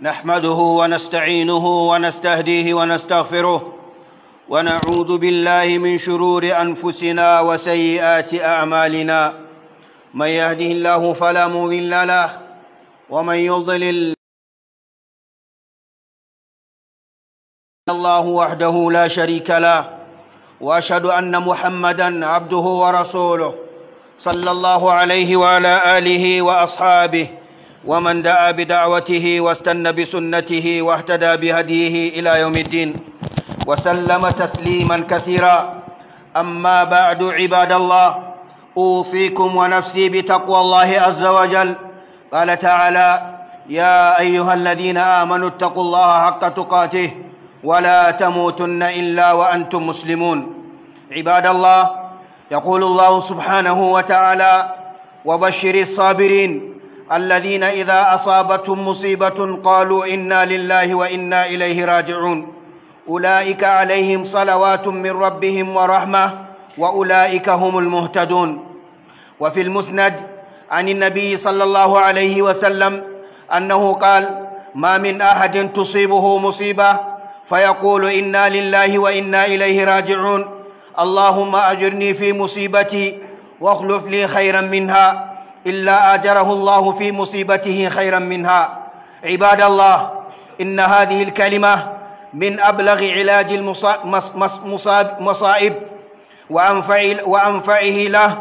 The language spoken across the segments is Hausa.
نحمده ونستعينه ونستهديه ونستغفره ونعوذ بالله من شرور انفسنا وسيئات اعمالنا من يهده الله فلا مضل له ومن يضلل الله وحده لا شريك له واشهد ان محمدا عبده ورسوله صلى الله عليه وعلى اله واصحابه ومن دعا بدعوته واستنى بسنته واهتدى بهديه الى يوم الدين وسلم تسليما كثيرا اما بعد عباد الله اوصيكم ونفسي بتقوى الله عز وجل قال تعالى يا ايها الذين امنوا اتقوا الله حق تقاته ولا تموتن الا وانتم مسلمون عباد الله يقول الله سبحانه وتعالى وبشر الصابرين الذين إذا أصابتهم مصيبة قالوا إنا لله وإنا إليه راجعون أولئك عليهم صلوات من ربهم ورحمة وأولئك هم المهتدون وفي المسند عن النبي صلى الله عليه وسلم أنه قال ما من أحد تصيبه مصيبة فيقول إنا لله وإنا إليه راجعون اللهم أجرني في مصيبتي واخلف لي خيرا منها إلا أجره الله في مصيبته خيرا منها عباد الله إن هذه الكلمة من أبلغ علاج المصائب وأنفعه له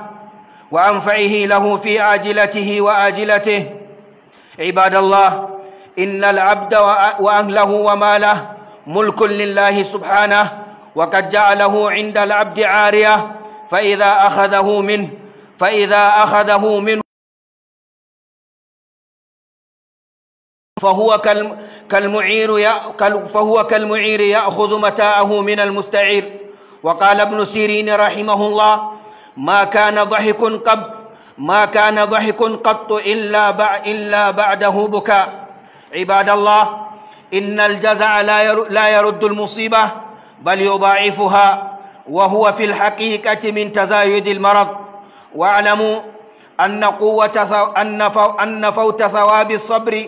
وأنفعه له في آجلته وآجلته عباد الله إن العبد وأهله وماله ملك لله سبحانه وقد جعله عند العبد عارية فإذا أخذه منه فإذا أخذه منه فهو كالمعير فهو كالمعير ياخذ متاعه من المستعير وقال ابن سيرين رحمه الله ما كان ضحك قط ما كان ضحك قط الا الا بعده بكاء عباد الله ان الجزع لا لا يرد المصيبه بل يضاعفها وهو في الحقيقه من تزايد المرض واعلموا ان قوه ان فوت ثواب الصبر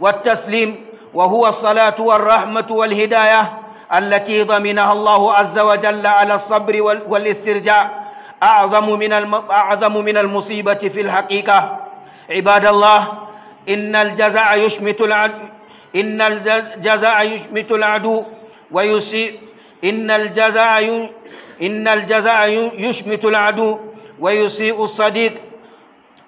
والتسليم وهو الصلاة والرحمة والهداية التي ضمنها الله عز وجل على الصبر والاسترجاع أعظم من أعظم من المصيبة في الحقيقة عباد الله إن الجزاء يشمت العدو إن الجزاء يشمت العدو ويسيء إن الجزاء ي... إن الجزاء يشمت العدو ويسيء الصديق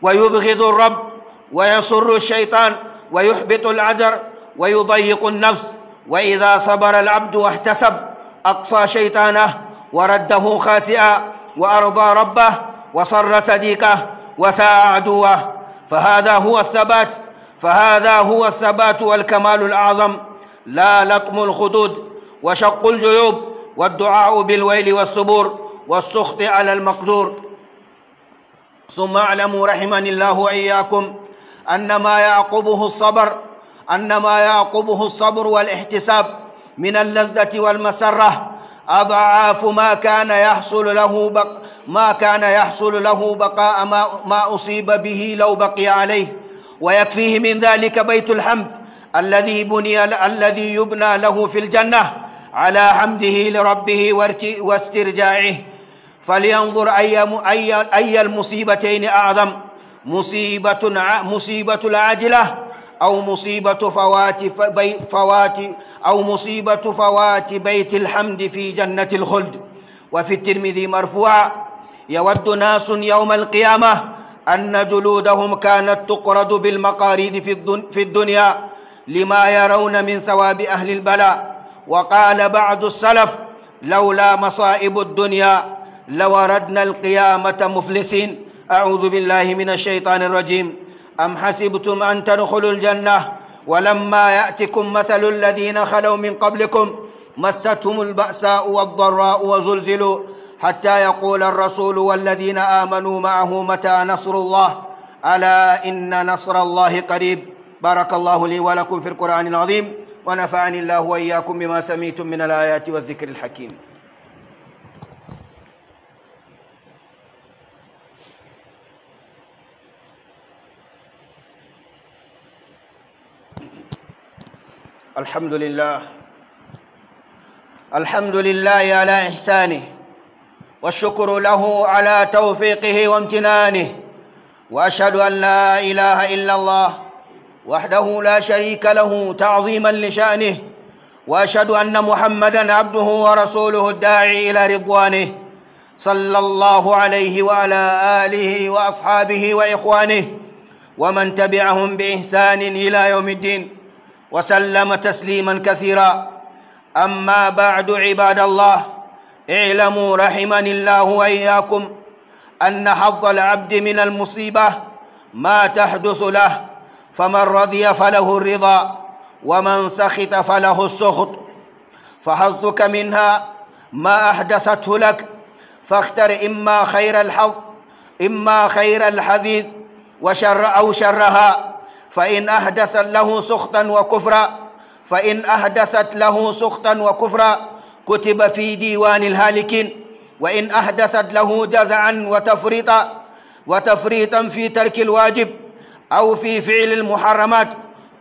ويبغض الرب ويسر الشيطان ويحبط العجر ويضيق النفس وإذا صبر العبد واحتسب أقصى شيطانه ورده خاسئا وأرضى ربه وصر صديقه وساء عدوه فهذا هو الثبات فهذا هو الثبات والكمال الأعظم لا لطم الخدود وشق الجيوب والدعاء بالويل والثبور والسخط على المقدور ثم اعلموا رحمني الله وإياكم أن ما يعقبه الصبر أن ما يعقبه الصبر والاحتساب من اللذة والمسرة أضعاف ما كان يحصل له بق ما كان يحصل له بقاء ما, ما أصيب به لو بقي عليه ويكفيه من ذلك بيت الحمد الذي بني الذي يبنى له في الجنة على حمده لربه واسترجاعه فلينظر أي أي المصيبتين أعظم مصيبة مصيبة العاجلة أو مصيبة فوات فوات أو مصيبة فوات بيت الحمد في جنة الخلد وفي الترمذي مرفوعا يود ناس يوم القيامة أن جلودهم كانت تقرد بالمقاريد في الدنيا لما يرون من ثواب أهل البلاء وقال بعض السلف لولا مصائب الدنيا لوردنا القيامة مفلسين أعوذ بالله من الشيطان الرجيم أم حسبتم أن تدخلوا الجنة ولما يأتكم مثل الذين خلوا من قبلكم مستهم البأساء والضراء وزلزلوا حتى يقول الرسول والذين آمنوا معه متى نصر الله ألا إن نصر الله قريب بارك الله لي ولكم في القرآن العظيم ونفعني الله وإياكم بما سميتم من الآيات والذكر الحكيم الحمد لله الحمد لله على إحسانه والشكر له على توفيقه وامتنانه وأشهد أن لا إله إلا الله وحده لا شريك له تعظيما لشأنه وأشهد أن محمدا عبده ورسوله الداعي إلى رضوانه صلى الله عليه وعلى آله وأصحابه وإخوانه ومن تبعهم بإحسان إلى يوم الدين وسلم تسليما كثيرا أما بعد عباد الله اعلموا رحمني الله وإياكم أن حظ العبد من المصيبة ما تحدث له فمن رضي فله الرضا ومن سخط فله السخط فحظك منها ما أحدثته لك فاختر إما خير الحظ إما خير الحديث وشر أو شرها فإن أحدثت له سخطا وكفرا فإن أحدثت له سخطا وكفرا كتب في ديوان الهالكين وإن أحدثت له جزعا وتفريطا وتفريطا في ترك الواجب أو في فعل المحرمات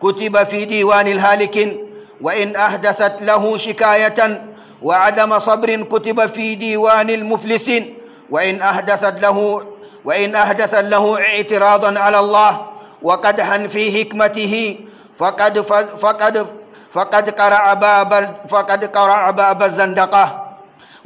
كتب في ديوان الهالكين وإن أحدثت له شكاية وعدم صبر كتب في ديوان المفلسين وإن أحدثت له وإن أحدثت له اعتراضا على الله وقدحا في حكمته فقد فقد فقد قرع باب فقد قرع باب الزندقه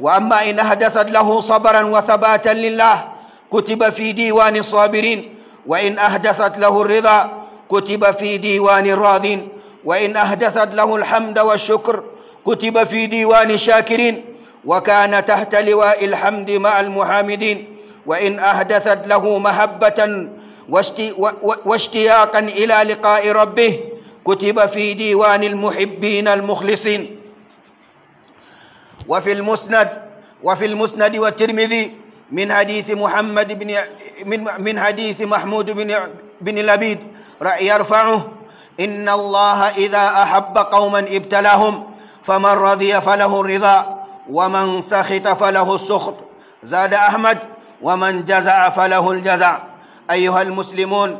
واما ان احدثت له صبرا وثباتا لله كتب في ديوان الصابرين وان احدثت له الرضا كتب في ديوان الراضين وان احدثت له الحمد والشكر كتب في ديوان الشاكرين وكان تحت لواء الحمد مع المحامدين وإن أحدثت له محبة واشتياقا إلى لقاء ربه كتب في ديوان المحبين المخلصين وفي المسند وفي المسند والترمذي من حديث محمد بن من من حديث محمود بن بن لبيد يرفعه إن الله إذا أحب قوما ابتلاهم فمن رضي فله الرضا ومن سخط فله السخط زاد أحمد ومن جزع فله الجزع أيها المسلمون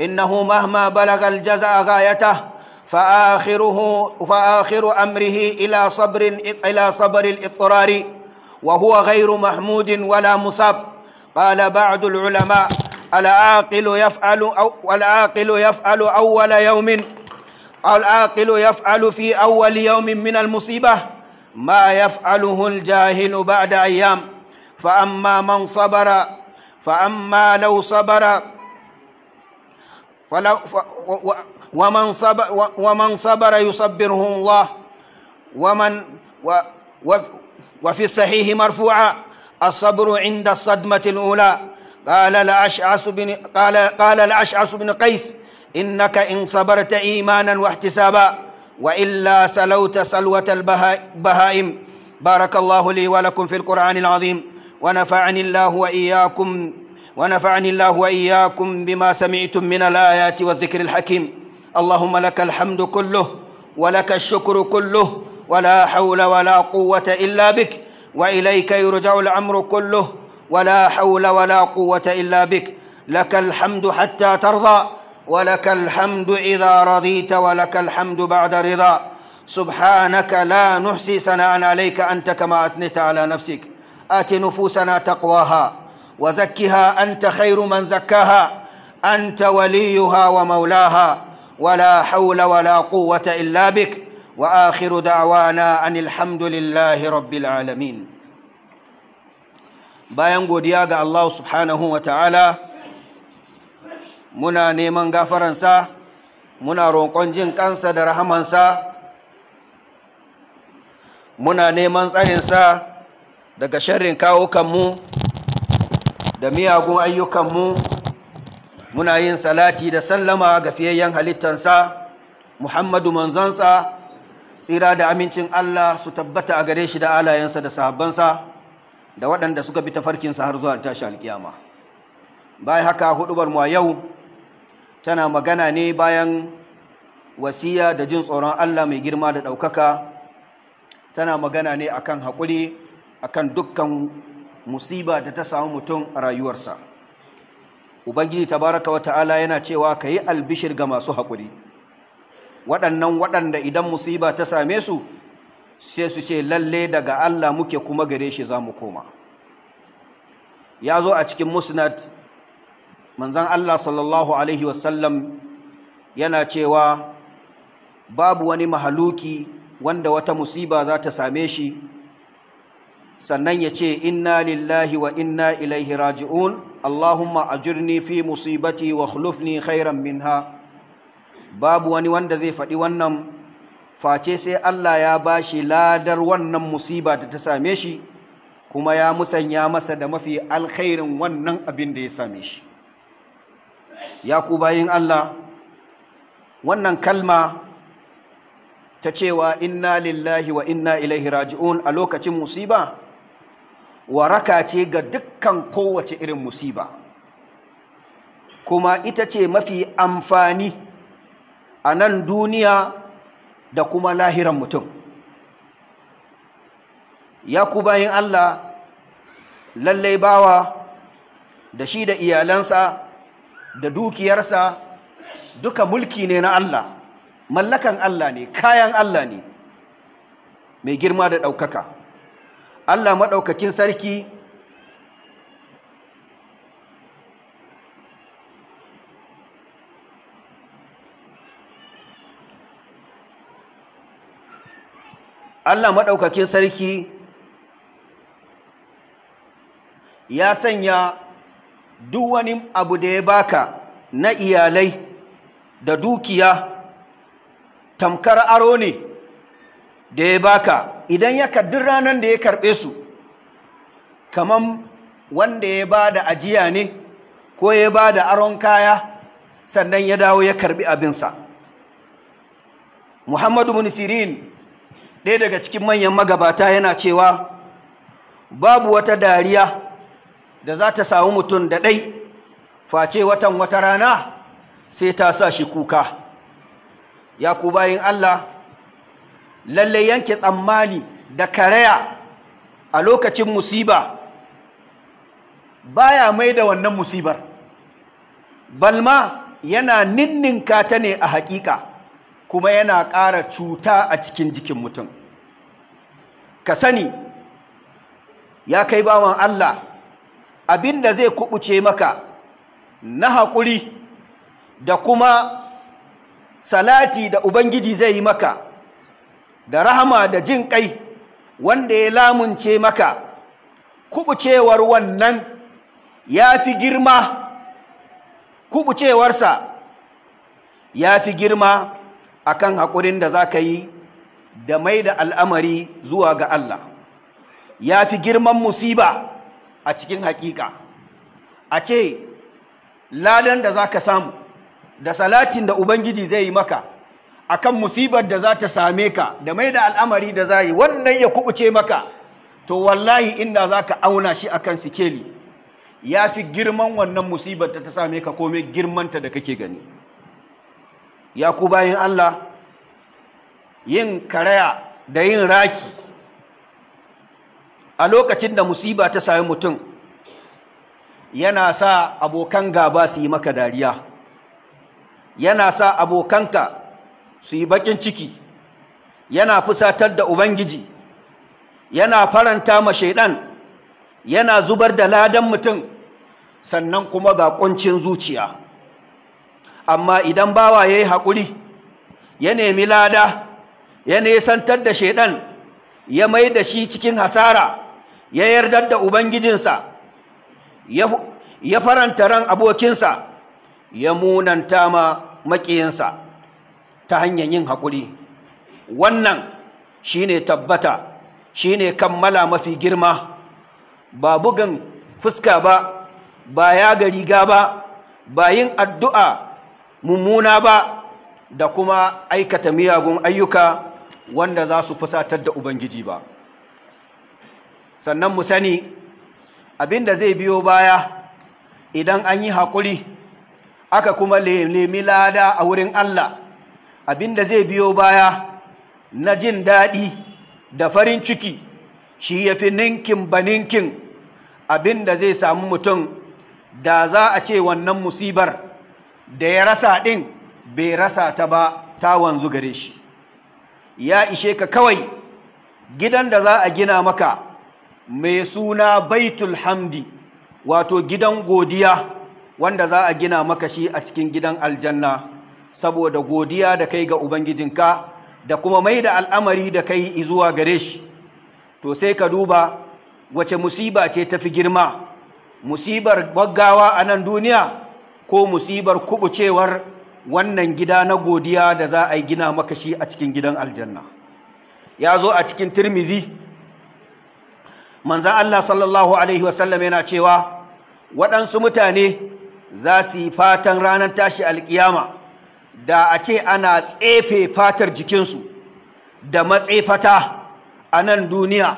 إنه مهما بلغ الجزاء غايته فآخره فآخر أمره إلى صبر إلى صبر الاضطرار وهو غير محمود ولا مثاب قال بعض العلماء العاقل يفعل أو العاقل يفعل أول يوم العاقل يفعل في أول يوم من المصيبة ما يفعله الجاهل بعد أيام فأما من صبر فأما لو صبر فلو ومن صبر ومن صبر يصبره الله ومن وفي الصحيح مرفوعا الصبر عند الصدمة الأولى قال الأشعث بن قال قال الأشعث بن قيس إنك إن صبرت إيمانا واحتسابا وإلا سلوت سلوة البهائم بارك الله لي ولكم في القرآن العظيم ونفعني الله وإياكم ونفعني الله وإياكم بما سمعتم من الآيات والذكر الحكيم اللهم لك الحمد كله ولك الشكر كله ولا حول ولا قوة إلا بك وإليك يرجع الأمر كله ولا حول ولا قوة إلا بك لك الحمد حتى ترضى ولك الحمد إذا رضيت ولك الحمد بعد رضا سبحانك لا نحصي ثناء عليك أنت كما أثنيت على نفسك آت نفوسنا تقواها وزكها أنت خير من زكاها أنت وليها ومولاها ولا حول ولا قوة إلا بك وآخر دعوانا أن الحمد لله رب العالمين bayan godiya ga Allah subhanahu wa ta'ala muna neman gafaransa muna roƙon jin kansa da rahamansa muna neman tsarinsa daga sharrin kawukanmu da miyagun ayyukanmu muna yin salati da sallama ga fiyayyen halittansa muhammadu manzansa tsira da amincin allah su tabbata a gare shi da alayensa da sahabbansa da waɗanda suka bi tafarkinsa har zuwa tashi alkiyama bayan haka hudubar mu a yau tana magana ne bayan wasiya da jin tsoron allah mai girma da ɗaukaka tana magana ne akan haƙuri akan dukkan musiba da ta samu mutum a rayuwarsa ubangiji tabaraka wa ta'ala yana cewa ka yi albishir ga masu haƙuri waɗannan waɗanda idan musiba ta same su sai su ce lalle daga Allah muke kuma gare shi za mu koma ya zo a cikin musnad manzan Allah sallallahu alaihi wasallam yana cewa babu wani mahaluki wanda wata musiba za ta same shi sannan ya ce inna lillahi wa inna ilaihi raji'un Allahumma ajirni fi musibati wa khulufni khairan minha babu wani wanda zai faɗi wannan face sai Allah ya ba shi ladar wannan musiba da ta same shi kuma ya musanya masa da mafi alkhairin wannan abin da ya same shi ya ku bayin Allah wannan kalma ta cewa inna lillahi wa inna ilaihi raji'un a lokacin musiba waraka ce ga dukkan kowace irin musiba kuma ita ce mafi amfani a nan duniya da kuma lahiran mutum ya ku bayan Allah lallai bawa da shi da iyalansa da dukiyarsa duka mulki ne na Allah mallakan Allah ne kayan Allah ne mai girma da ɗaukaka Allah maɗaukakin sarki Allah maɗaukakin sarki ya sanya duk wani abu da ya baka na iyalai da dukiya tamkar aro ne da ya baka idan ya kaddun ranar da ya karɓe su kamar wanda ya ba da ajiya ne ko ya ba da aron kaya sannan ya dawo ya karɓi abinsa muhammadu munisirin ɗaya daga cikin manyan magabata yana cewa babu wata dariya da za ta samu mutum da ɗai face watan wata rana sai ta sa shi kuka ya ku bayin allah lalle yanke tsammani da karaya a lokacin musiba baya mai da wannan musibar balma yana ninninka ta ne a hakika kuma yana ƙara cuta a cikin jikin mutum ka sani ya kai bawan Allah abinda zai kubuce maka na haƙuri da kuma salati da ubangiji zai yi maka da rahama da jin ƙai wanda ya lamunce maka kubucewar wannan ya fi girma kubucewarsa ya fi girma a kan haƙurin da za ka yi da mai da al'amari zuwa ga Allah ya fi girman musiba a cikin haƙiƙa a ce ladan da za ka samu da salatin da Ubangiji zai yi maka akan musibar da za ta same ka da mai da al'amari da za yi wannan ya kubuce maka to wallahi inda za ka auna shi akan sikeli ya fi girman wannan musibar da ta same ka komai girmanta da kake gani ya ku bayan Allah yin karaya da yin raki a lokacin da musiba ta sami mutum yana sa abokan gaba su yi maka dariya yana sa abokanka su yi bakin ciki yana fusatar da ubangiji yana faranta ma shaidan yana zubar da ladan mutum sannan kuma ga zuciya amma idan bawa ya yi haƙuri ya nemi lada ya nesantar da shaidan ya mai da shi cikin hasara ya yardar da ubangijinsa ya faranta ran abokinsa ya munanta ma maƙiyinsa ta hanyar yin haƙuri wannan shi ne tabbata shi ne kammala mafi girma ba bugan fuska ba ba ya ga riga ba ba yin addu'a mummuna ba da kuma aikata miyagun ayyuka wanda za su fusatar da ubangiji ba sannan mu sani abin da zai biyo baya idan an yi haƙuri aka kuma nemi lada a wurin Allah Abin da zai biyo baya na jin daɗi da farin ciki shi ya fi ninkin baninkin abinda zai samu mutum da za a ce wannan musibar da ya rasa ɗin bai rasa ta ba ta wanzu gare shi ya ishe ka kawai gidan da za a gina maka mai suna baitul hamdi wato gidan godiya wanda za a gina maka shi a cikin gidan aljanna saboda godiya da kai ga ubangijinka da kuma mai da al'amari da kai zuwa gare shi to sai ka duba wace musiba ce tafi girma musibar gaggawa a nan duniya ko musibar kubucewar wannan gida na godiya da za a yi gina makashi a cikin gidan aljanna ya zo a cikin tirmizi manzan Allah sallallahu Alaihi wasallam yana cewa waɗansu mutane za su yi fatan ranar tashi alƙiyama da a ce ana tsefe fatar jikinsu da matsefata a nan duniya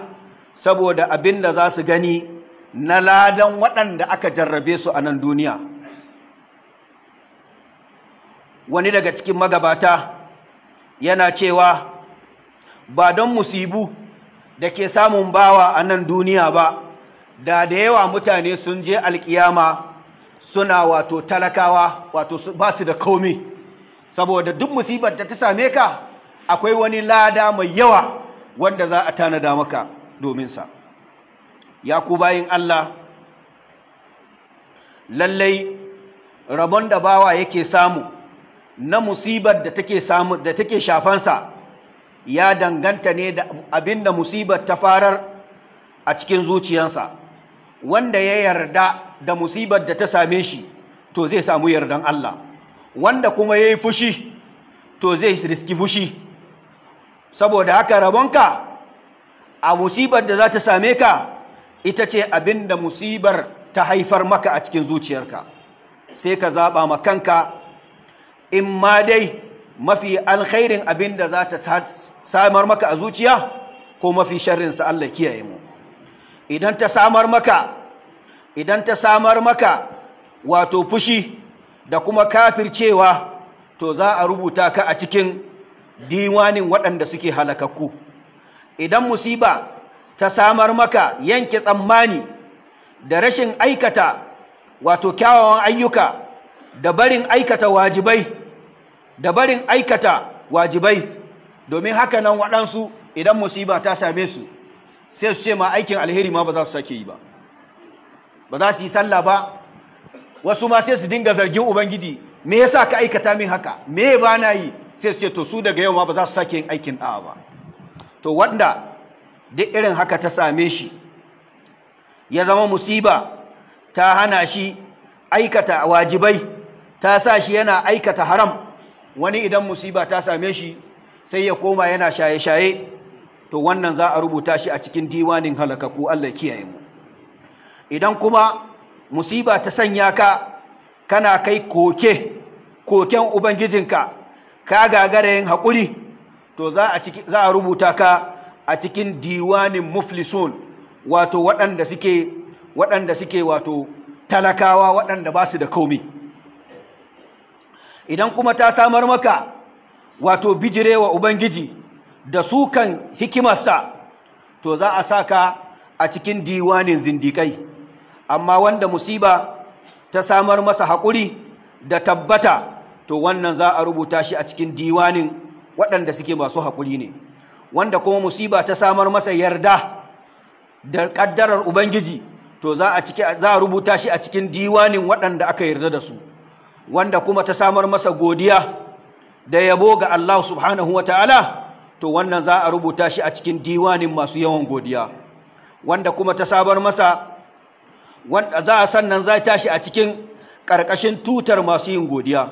saboda abin da za su gani na ladan waɗanda aka jarrabe su a nan duniya wani daga cikin magabata yana cewa ba don musibu da ke samun bawa a nan duniya ba da da yawa mutane sun je alkiyama suna wato talakawa wato ba su da komi saboda duk musibar da ta same ka akwai wani lada mai yawa wanda za a tanada maka dominsa ya ku bayin Allah lallai rabon da bawa yake samu na musibar da take samu da take shafansa ya danganta ne da abinda musibar ta farar a cikin zuciyarsa wanda ya yarda da musibar da ta same shi to zai samu yardan Allah wanda kuma ya yi fushi to zai riski fushi saboda haka rabonka a musibar da za ta same ka ita ce abin da musibar ta haifar maka a cikin zuciyarka sai ka zaɓa ma kanka in ma dai mafi alkhairin abin da za ta samar maka a zuciya ko mafi sharrinsa Allah kiyaye mu idan ta samar maka idan ta samar maka wato fushi da kuma kafircewa to za a rubuta ka a cikin diwanin waɗanda suke halakakku idan musiba ta samar maka yanke tsammani da rashin aikata wato kyawawan ayyuka da barin aikata wajibai da barin aikata wajibai domin haka nan waɗansu idan musiba ta same su sai su ce ma aikin alheri ma ba za su sake yi ba ba za su yi sallah ba wasu ma sai su dinga zargin ubangiji me yasa ka aikata min haka me ba na yi sai su ce to su daga yau ma ba za su sake yin aikin da'a ba to wanda duk irin haka ta same shi ya zama musiba ta hana shi aikata wajibai ta sa shi yana aikata haram wani idan musiba ta same shi sai ya koma yana shaye-shaye to wannan za a rubuta shi a cikin diwanin halakaku Allah kiyaye mu idan kuma musiba ta sanya ka kana kai koke koken ubangijinka ka gagara yin haƙuri to za a rubuta ka a cikin diwanin muflisun wato waɗanda suke waɗanda suke wato talakawa waɗanda ba su da komi idan kuma ta samar maka wato bijirewa ubangiji da sukan hikimarsa to za a sa ka a cikin diwanin zindikai amma wanda musiba ta samar masa haƙuri da tabbata to wannan za a rubuta shi a cikin diwanin waɗanda suke masu haƙuri ne wanda kuma musiba ta samar masa yarda da ƙaddarar ubangiji to za a rubuta shi a cikin diwanin waɗanda aka yarda da su wanda kuma ta samar masa godiya da yabo ga Allah subhanahu wa ta'ala to wannan za a rubuta shi a cikin diwanin masu yawan godiya wanda kuma ta samar masa wanda za a sannan za tashi a cikin ƙarƙashin tutar masu yin godiya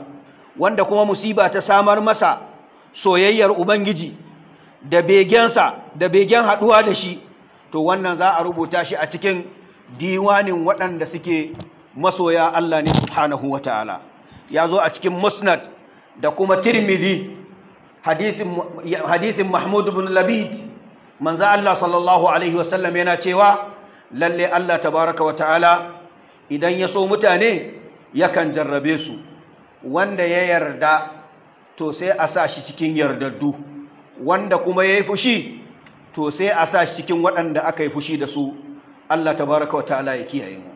wanda kuma musiba ta samar masa soyayyar ubangiji da begensa da begen haɗuwa da shi to wannan za a rubuta shi a cikin diwanin waɗanda suke masoya Allah ne subhanahu wa ta'ala ya zo a cikin musnad da kuma tirmidhi hadisin mahmud bin labid manza Allah sallallahu alaihi wasallam yana cewa lalle Allah tabaraka wa ta'ala idan ya so mutane yakan jarrabe su wanda ya yarda to sai a sa shi cikin yardaddu wanda kuma ya yi fushi to sai a sa shi cikin waɗanda aka yi fushi da su Allah tabaraka wa ta'ala ya kiyaye mu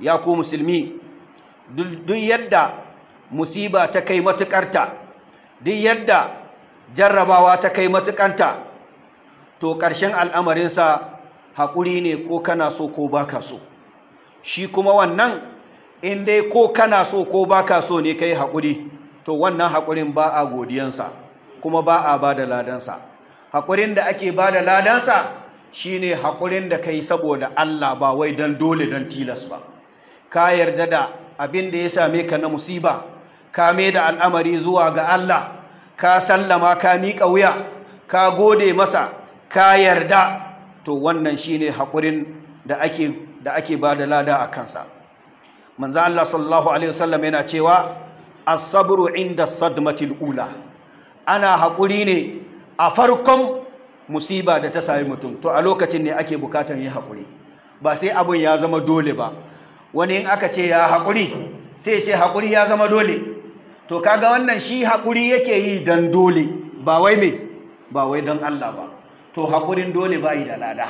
ya ku musulmi duk yadda musiba ta kai matukarta duk yadda jarrabawa ta kai matukanta to ƙarshen al'amarinsa haƙuri ne ko kana so ko baka so shi kuma wannan in dai ko kana so ko baka so ne kai haƙuri to wannan haƙurin ba a godiyansa kuma ba a ba da ladansa haƙurin da ake ba da ladansa ne haƙurin da kai saboda Allah ba wai don dole don tilas ba ka yarda da abin da ya same ka na musiba ka mai da al'amari zuwa ga Allah ka sallama ka miƙa wuya ka gode masa ka yarda to wannan shine haƙurin da ake ba da lada a kansa manzo Allah sallallahu alaihi wasallam yana cewa Asabru inda sadmatil ula ana haƙuri ne a farkon musiba da ta sami mutum to a lokacin ne ake bukatan yin haƙuri ba sai abin ya zama dole ba wani in aka ce ya haƙuri sai ce haƙuri ya zama dole to kaga wannan shi haƙuri yake yi don dole ba wai mai ba wai don Allah ba to haƙurin dole ba yi da lada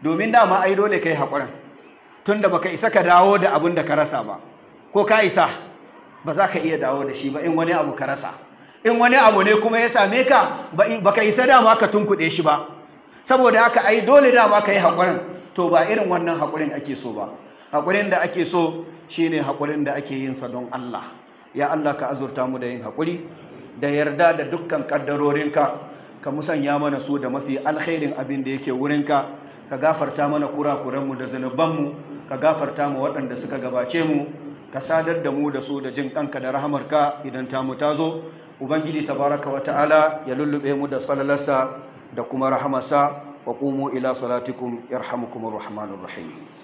domin dama ai dole ka yi haƙurin tun da baka isa ka dawo da abin da ka rasa ba ko ka isa ba za ka iya dawo da shi ba in wani abu ka rasa in wani abu ne kuma ya same ka baka isa dama ka tunkuɗe shi ba saboda haka ai dole dama ka yi haƙurin to ba irin wannan haƙurin ake so ba haƙurin da ake so shine haƙurin da ake yin sa don Allah ya Allah ka azurta mu da yin haƙuri da yarda da dukkan ƙaddarorinka ka musanya mana so da mafi alkhairin abin da yake wurinka ka gafarta mana kurakuranmu da zunubanmu ka gafarta mu waɗanda suka gabace mu ka sadar da mu da su da jin kanka da rahamarka idan ta mu ta zo ubangiji tabaraka wa ta'ala ya lullube mu da falalarsa da kuma rahamarsa wa qumu ila salatikum yarhamukumur rahmanur rahim